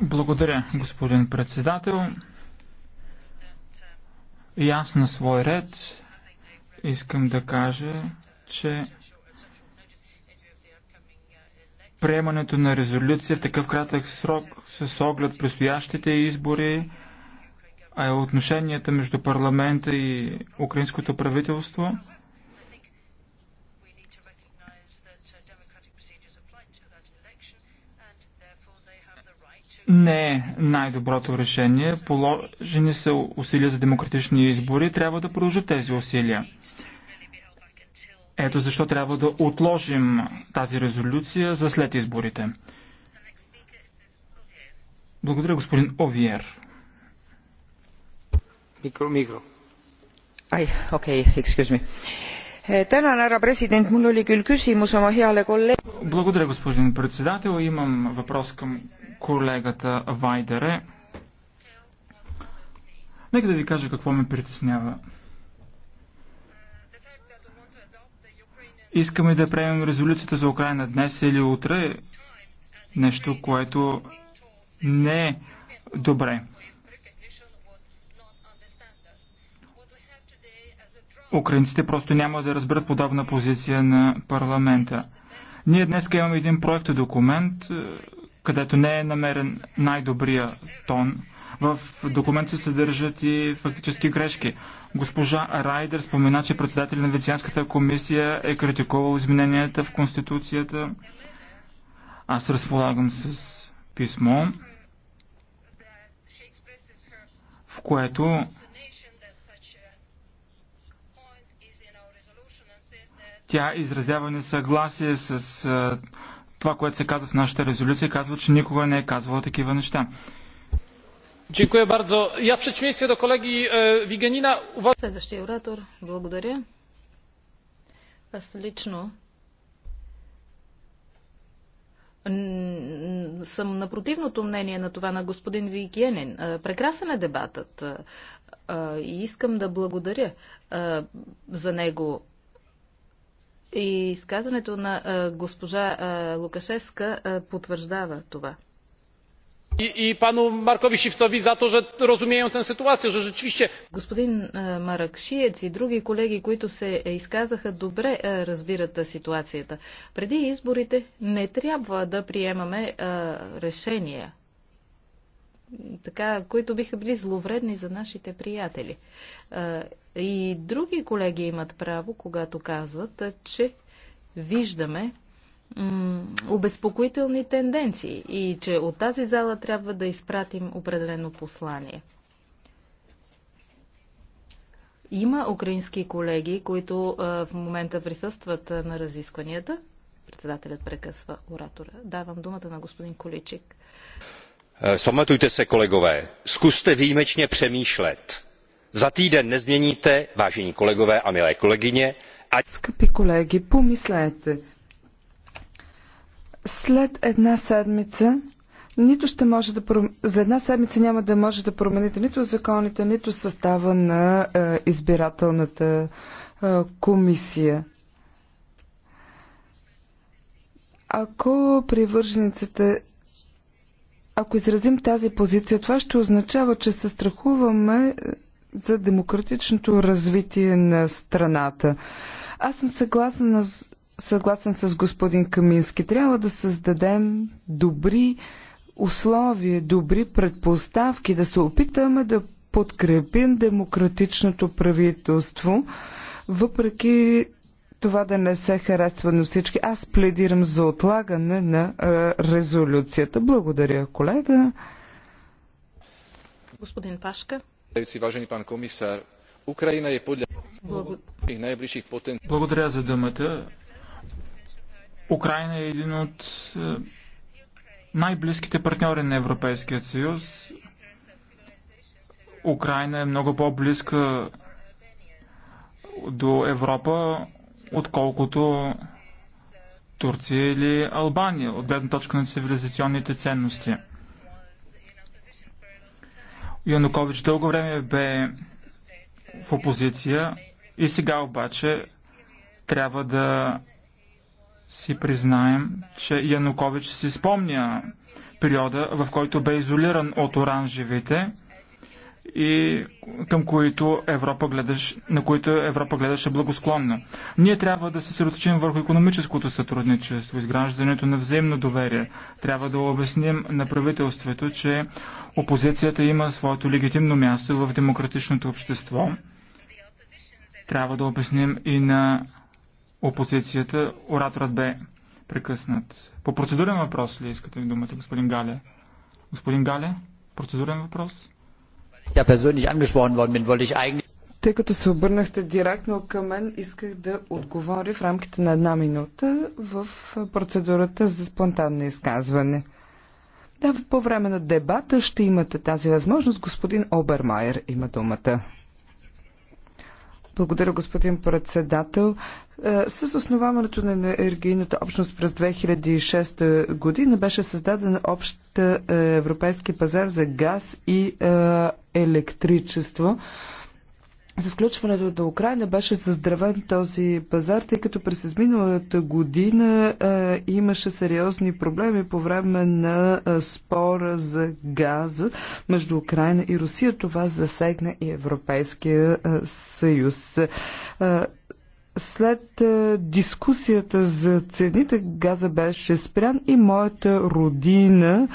Благодаря, господин председател. И аз на свой ред Искам да кажа, че приемането на резолюция в такъв кратък срок с оглед предстоящите избори, а е отношенията между парламента и украинското правителство – не е най-доброто решение. Положени са усилия за демократични избори. Трябва да продължат тези усилия. Ето защо трябва да отложим тази резолюция за след изборите. Благодаря, господин Овиер. Микро, микро. Ай, окей, excuse me. Е, tänan, härra president, mul oli küll küsimus oma heale kolleeg... Благодаря, господин председател. Имам въпрос към колегата Вайдере. Нека да ви кажа какво ме притеснява. Искаме да приемем резолюцията за Украина днес или утре, нещо, което не е добре. Украинците просто няма да разберат подобна позиция на парламента. Ние днес имаме един проект документ, където не е намерен най-добрия тон. В документ се съдържат и фактически грешки. Госпожа Райдер спомена, че председател на Венецианската комисия е критикувал измененията в Конституцията. Аз разполагам с писмо, в което тя изразява несъгласие с това, което се казва в нашата резолюция, казва, че никога не е казвало такива неща. Дякую бързо. Я w przeciwieństwie до колеги Вигенина. Следващия оратор. Благодаря. Аз лично съм на противното мнение на това на господин Вигенин. Е, прекрасен е дебатът е, е, и искам да благодаря за него и изказването на госпожа Лукашевска потвърждава това. И пану Маркови Markowi за то, to, że rozumieją tę sytuację, че rzeczywiście... Господин Маракшиец и други колеги, които се изказаха, добре разбират ситуацията. Преди изборите не трябва да приемаме решения така, които биха били зловредни за нашите приятели. И други колеги имат право, когато казват, че виждаме обезпокоителни тенденции и че от тази зала трябва да изпратим определено послание. Има украински колеги, които в момента присъстват на разискванията. Председателят прекъсва оратора. Давам думата на господин Количик. Eh, vzpamatujte se kolegové zkuste výjimečně přemýšlet za týden nezměníte vážení kolegové a milé kolegyně ani Скъпи колеги, помислете. След една седмица нито ще може да пром... за една седмица няма да може да промените нито законите, нито състава на е, избирателната е, комисия. Ако привържениците ако изразим тази позиция, това ще означава, че се страхуваме е, за демократичното развитие на страната. Аз съм съгласен, съгласен с господин Камински. Трябва да създадем добри условия, добри предпоставки, да се опитаме да подкрепим демократичното правителство, въпреки това да не се харесва на всички. Аз пледирам за отлагане на резолюцията. Благодаря, колега. Господин Пашка. Важен пан комисар, Украина е подля Благодаря за думата. Украина е един от най-близките партньори на Европейския съюз. Украина е много по-близка до Европа, отколкото Турция или Албания, от гледна точка на цивилизационните ценности. Янукович дълго време бе в опозиция и сега обаче трябва да си признаем, че Янукович си спомня периода, в който бе изолиран от оранжевите и към които Европа гледаш, на които Европа гледаше благосклонно. Ние трябва да се съсредоточим върху економическото сътрудничество, изграждането на взаимно доверие. Трябва да обясним на правителството, че опозицията има своето легитимно място в демократичното общество. Трябва да обясним и на опозицията. Ораторът бе прекъснат. По процедурен въпрос ли искате думата, господин Гале? Господин Гале, процедурен въпрос? Тъй като се обърнахте директно към мен, исках да отговоря в рамките на една минута в процедурата за спонтанно изказване. Да, по време на дебата ще имате тази възможност. Господин Обермайер има думата. Благодаря, господин председател. Е, с основаването на енергийната общност през 2006 година беше създаден общ е, европейски пазар за газ и е, електричество за включването на Украина беше заздравен този пазар, тъй като през изминалата година а, имаше сериозни проблеми по време на а, спора за газа между Украина и Русия. Това засегна и Европейския а, съюз. А, след а, дискусията за цените газа беше спрян и моята родина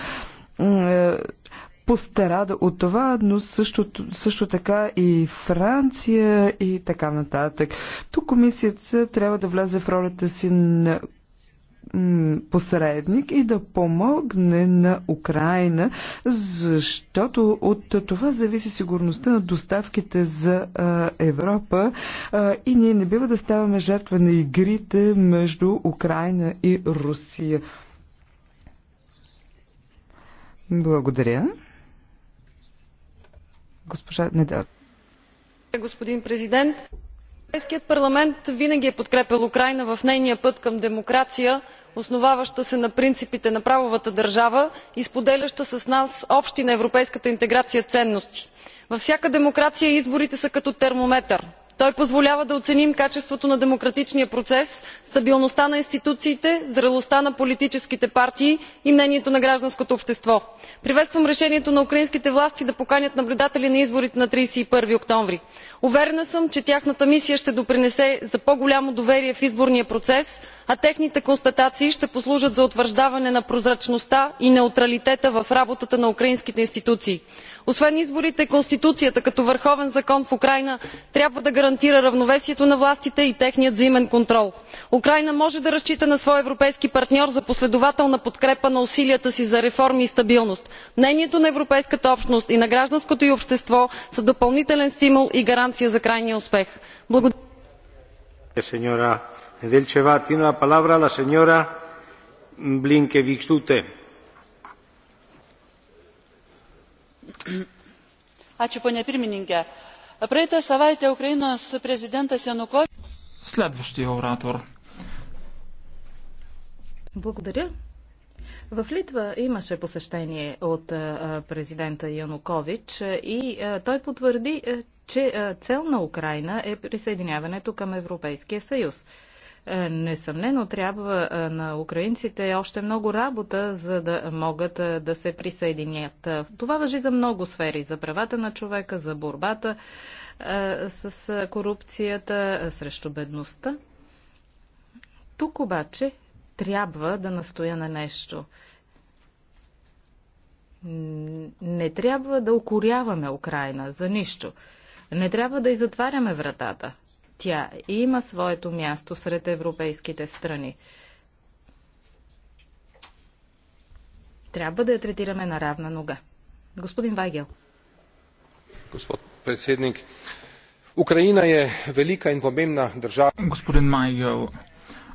пострада от това, но също, също така и Франция и така нататък. Тук комисията трябва да влезе в ролята си на посредник и да помогне на Украина, защото от това зависи сигурността на доставките за Европа и ние не бива да ставаме жертва на игрите между Украина и Русия. Благодаря. Госпожа Господин президент, Европейският парламент винаги е подкрепял Украйна в нейния път към демокрация, основаваща се на принципите на правовата държава и споделяща с нас общи на европейската интеграция ценности. Във всяка демокрация изборите са като термометър той позволява да оценим качеството на демократичния процес стабилността на институциите зрелостта на политическите партии и мнението на гражданското общество. приветствам решението на украинските власти да поканят наблюдатели на изборите на тридесет и първи октомври. уверена съм че тяхната мисия ще допринесе за по голямо доверие в изборния процес а техните констатации ще послужат за утвърждаване на прозрачността и неутралитета в работата на украинските институции. освен изборите конституцията като върховен закон в украйна трябва да гарантира гарантира равновесието на властите и техният взаимен контрол. украйна може да разчита на своя европейски партньор за последователна подкрепа на усилията си за реформи и стабилност. мнението на европейската общност и на гражданското й общество са допълнителен стимул и гаранция за крайния успех. Praeitą savaitę Ukrainos prezidentas Janukovičius. Следващия оратор. Благодаря. В Литва имаше посещение от президента Янукович и той потвърди, че цел на Украина е присъединяването към Европейския съюз. Е, несъмнено трябва е, на украинците още много работа, за да могат е, да се присъединят. Това въжи за много сфери. За правата на човека, за борбата с корупцията, срещу бедността. Тук обаче трябва да настоя на нещо. Не трябва да укоряваме Украина за нищо. Не трябва да и затваряме вратата. Тя има своето място сред европейските страни. Трябва да я третираме на равна нога. Господин Вайгел. Господ председник, Украина е велика и помемна държава. Господин Майгел,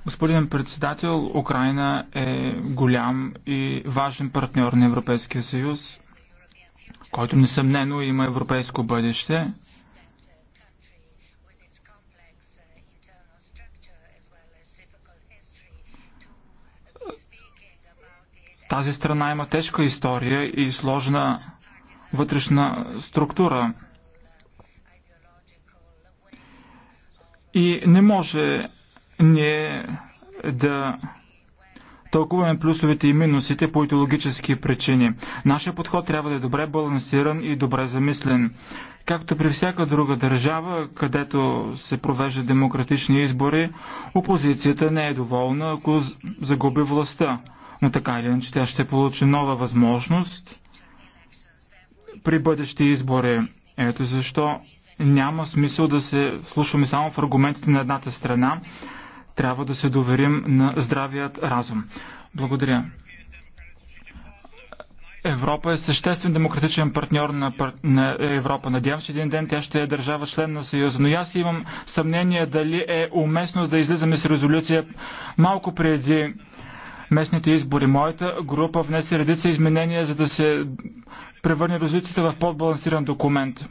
господин председател, Украина е голям и важен партньор на Европейския съюз, който несъмнено има европейско бъдеще. Тази страна има тежка история и сложна вътрешна структура. И не може ние да тълкуваме плюсовете и минусите по идеологически причини. Нашия подход трябва да е добре балансиран и добре замислен. Както при всяка друга държава, където се провеждат демократични избори, опозицията не е доволна, ако загуби властта но така или иначе тя ще получи нова възможност при бъдещи избори. Ето защо няма смисъл да се слушаме само в аргументите на едната страна. Трябва да се доверим на здравият разум. Благодаря. Европа е съществен демократичен партньор на, пар... на Европа. Надявам се, един ден тя ще е държава член на Съюза. Но аз имам съмнение дали е уместно да излизаме с резолюция малко преди местните избори. Моята група внесе редица изменения, за да се превърне резолюцията в по-балансиран документ.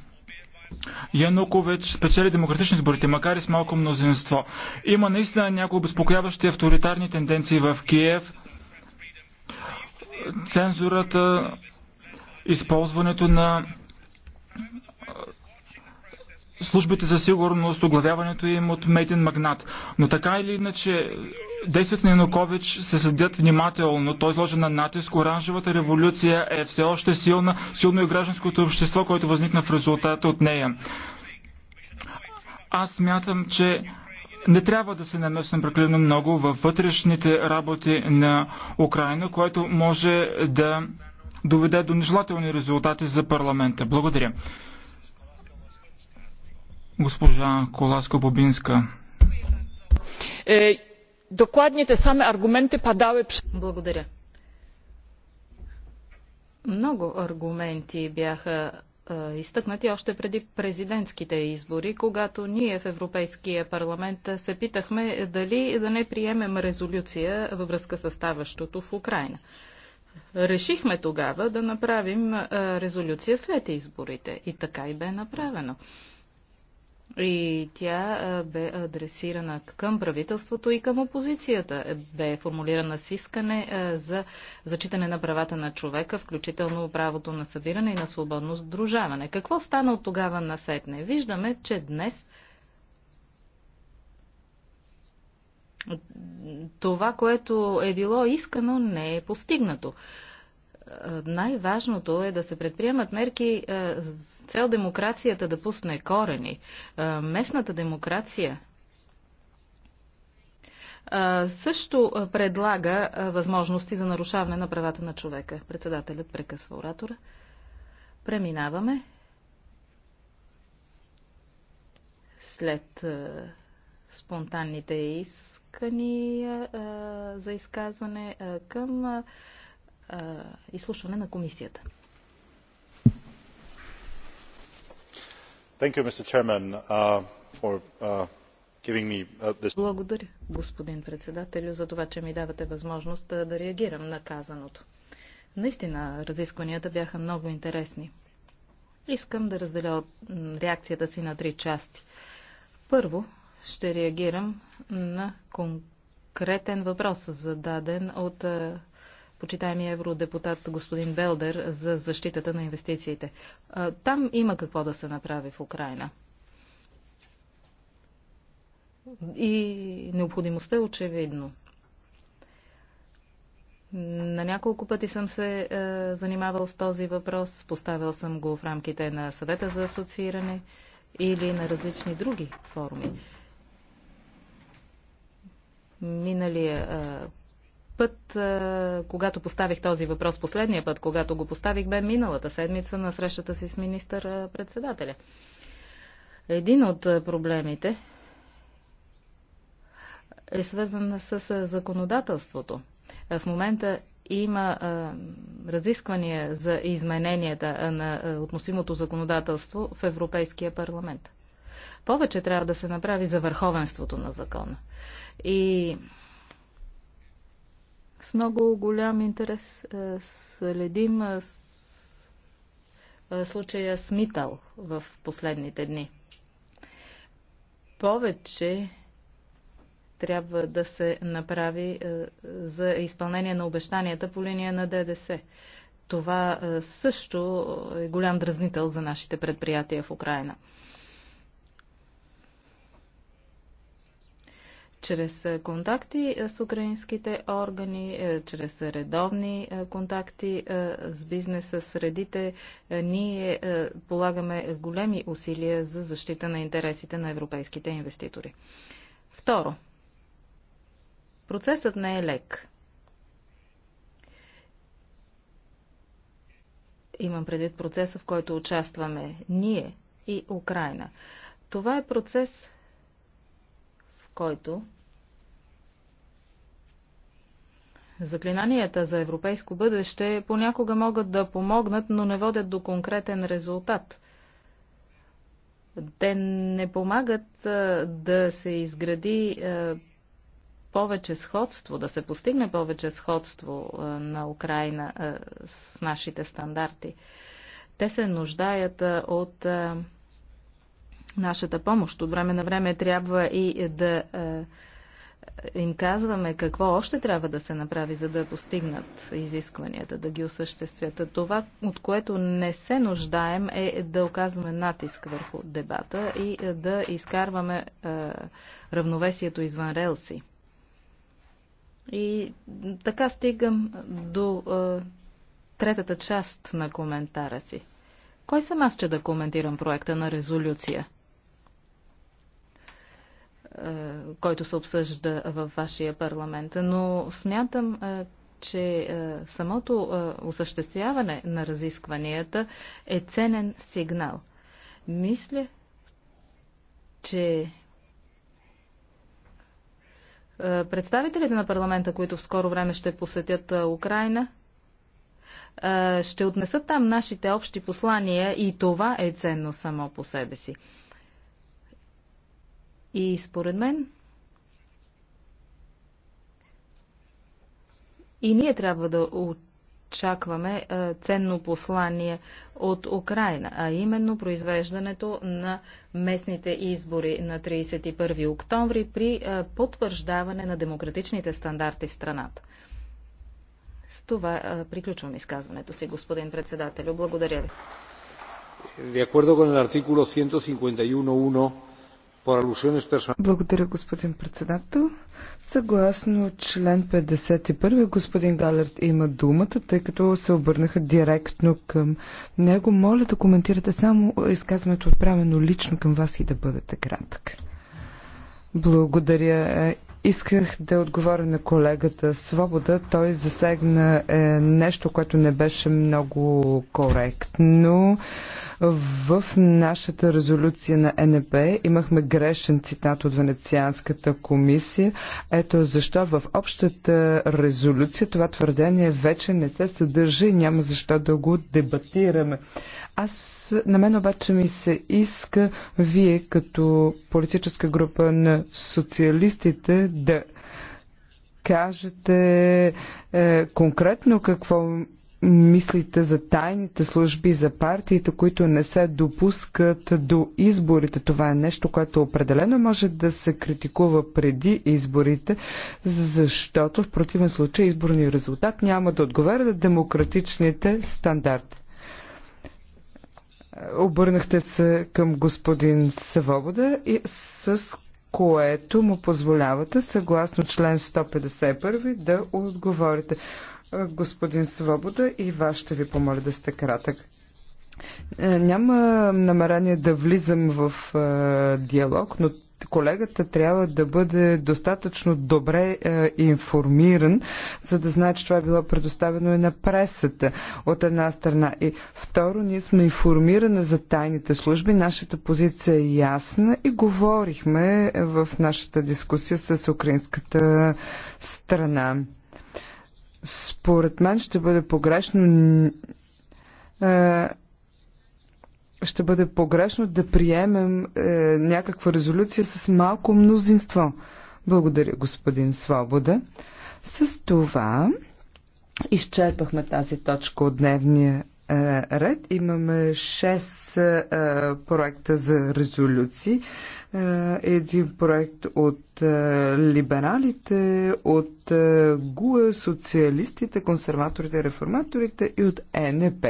Янукович спечели демократични изборите, макар и с малко мнозинство. Има наистина някои обезпокояващи авторитарни тенденции в Киев. Цензурата, използването на службите за сигурност, оглавяването им от меден магнат. Но така или иначе, действията на Янукович се следят внимателно. Той е изложен на натиск. Оранжевата революция е все още силна, силно и е гражданското общество, което възникна в резултата от нея. Аз смятам, че не трябва да се намесвам прекалено много във вътрешните работи на Украина, което може да доведе до нежелателни резултати за парламента. Благодаря. Госпожа Коласко-Бобинска. Е, докладните те саме аргументи падаве... Благодаря. Много аргументи бяха е, изтъкнати още преди президентските избори, когато ние в Европейския парламент се питахме дали да не приемем резолюция във връзка с ставащото в Украина. Решихме тогава да направим е, резолюция след изборите и така и бе направено. И тя бе адресирана към правителството и към опозицията. Бе формулирана с искане за зачитане на правата на човека, включително правото на събиране и на свободно сдружаване. Какво стана от тогава насетне? Виждаме, че днес това, което е било искано, не е постигнато най-важното е да се предприемат мерки е, с цел демокрацията да пусне корени. Е, местната демокрация е, също предлага възможности за нарушаване на правата на човека. Председателят прекъсва оратора. Преминаваме след спонтанните искания за изказване към изслушване на комисията. Благодаря, господин председателю, за това, че ми давате възможност uh, да реагирам на казаното. Наистина, разискванията бяха много интересни. Искам да разделя реакцията си на три части. Първо, ще реагирам на конкретен въпрос, зададен от uh, почитаемия евродепутат господин Белдер за защитата на инвестициите. Там има какво да се направи в Украина. И необходимостта е очевидно. На няколко пъти съм се е, занимавал с този въпрос. поставял съм го в рамките на съвета за асоцииране или на различни други форуми. Миналия е, път, когато поставих този въпрос, последния път, когато го поставих, бе миналата седмица на срещата си с министър-председателя. Един от проблемите е свързан с законодателството. В момента има разисквания за измененията на относимото законодателство в Европейския парламент. Повече трябва да се направи за върховенството на закона. И с много голям интерес е, следим е, е, случая Смитал в последните дни. Повече трябва да се направи за изпълнение на обещанията по линия на ДДС. Това също е голям дразнител за нашите предприятия в Украина. чрез е, контакти е, с украинските органи, е, чрез редовни контакти с бизнеса, средите, ние полагаме големи усилия за защита на интересите на европейските инвеститори. Второ, процесът не е лек. Имам предвид процеса, в който участваме ние и Украина. Това е процес, който заклинанията за европейско бъдеще понякога могат да помогнат, но не водят до конкретен резултат. Те не помагат да се изгради повече сходство, да се постигне повече сходство на Украина с нашите стандарти. Те се нуждаят от нашата помощ. От време на време трябва и да е, им казваме какво още трябва да се направи, за да постигнат изискванията, да ги осъществят. Това, от което не се нуждаем, е да оказваме натиск върху дебата и е, да изкарваме е, равновесието извън релси. И така стигам до е, третата част на коментара си. Кой съм аз, че да коментирам проекта на резолюция? Е, който се обсъжда във вашия парламент. Но смятам, е, че е, самото осъществяване на разискванията е ценен сигнал. Мисля, че представителите на парламента, които в скоро време ще посетят Украина, ще отнесат там нашите общи послания и това е ценно само по себе си. И според мен и ние трябва да очакваме ценно послание от Украина, а именно произвеждането на местните избори на 31 октомври при потвърждаване на демократичните стандарти в страната. С това приключвам изказването си, господин председателю. Благодаря ви. De acuerdo con el artículo 151.1 благодаря, господин председател. Съгласно член 51, господин Галерт има думата, тъй като се обърнаха директно към него. Моля да коментирате само изказването отправено лично към вас и да бъдете кратък. Благодаря. Е, исках да отговоря на колегата Свобода. Той засегна е, нещо, което не беше много коректно. В нашата резолюция на НП имахме грешен цитат от Венецианската комисия. Ето защо в общата резолюция това твърдение вече не се съдържа и няма защо да го дебатираме. Аз, на мен обаче ми се иска вие като политическа група на социалистите да кажете е, конкретно какво мислите за тайните служби, за партиите, които не се допускат до изборите. Това е нещо, което определено може да се критикува преди изборите, защото в противен случай изборния резултат няма да отговаря на демократичните стандарти. Обърнахте се към господин Свобода и с което му позволявате, съгласно член 151, да отговорите. Господин Свобода, и вас ще ви помоля да сте кратък. Е, няма намерение да влизам в е, диалог, но колегата трябва да бъде достатъчно добре е, информиран, за да знае, че това е било предоставено и на пресата от една страна. И второ, ние сме информирани за тайните служби, нашата позиция е ясна и говорихме в нашата дискусия с украинската страна. Според мен ще бъде погрешно е, ще бъде погрешно да приемем е, някаква резолюция с малко мнозинство. Благодаря, господин Свобода. С това изчерпахме тази точка от дневния е, ред. Имаме 6 е, проекта за резолюции. Е, един проект от либералите, от ГУА, социалистите, консерваторите, реформаторите и от ЕНП.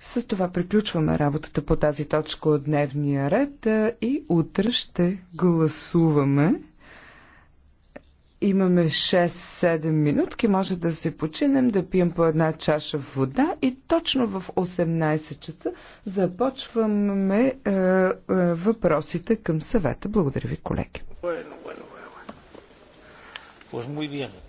С това приключваме работата по тази точка от дневния ред и утре ще гласуваме. Имаме 6-7 минутки, може да се починем, да пием по една чаша вода и точно в 18 часа започваме е, е, въпросите към съвета. Благодаря ви, колеги. Bueno, bueno, bueno. Pues muy bien.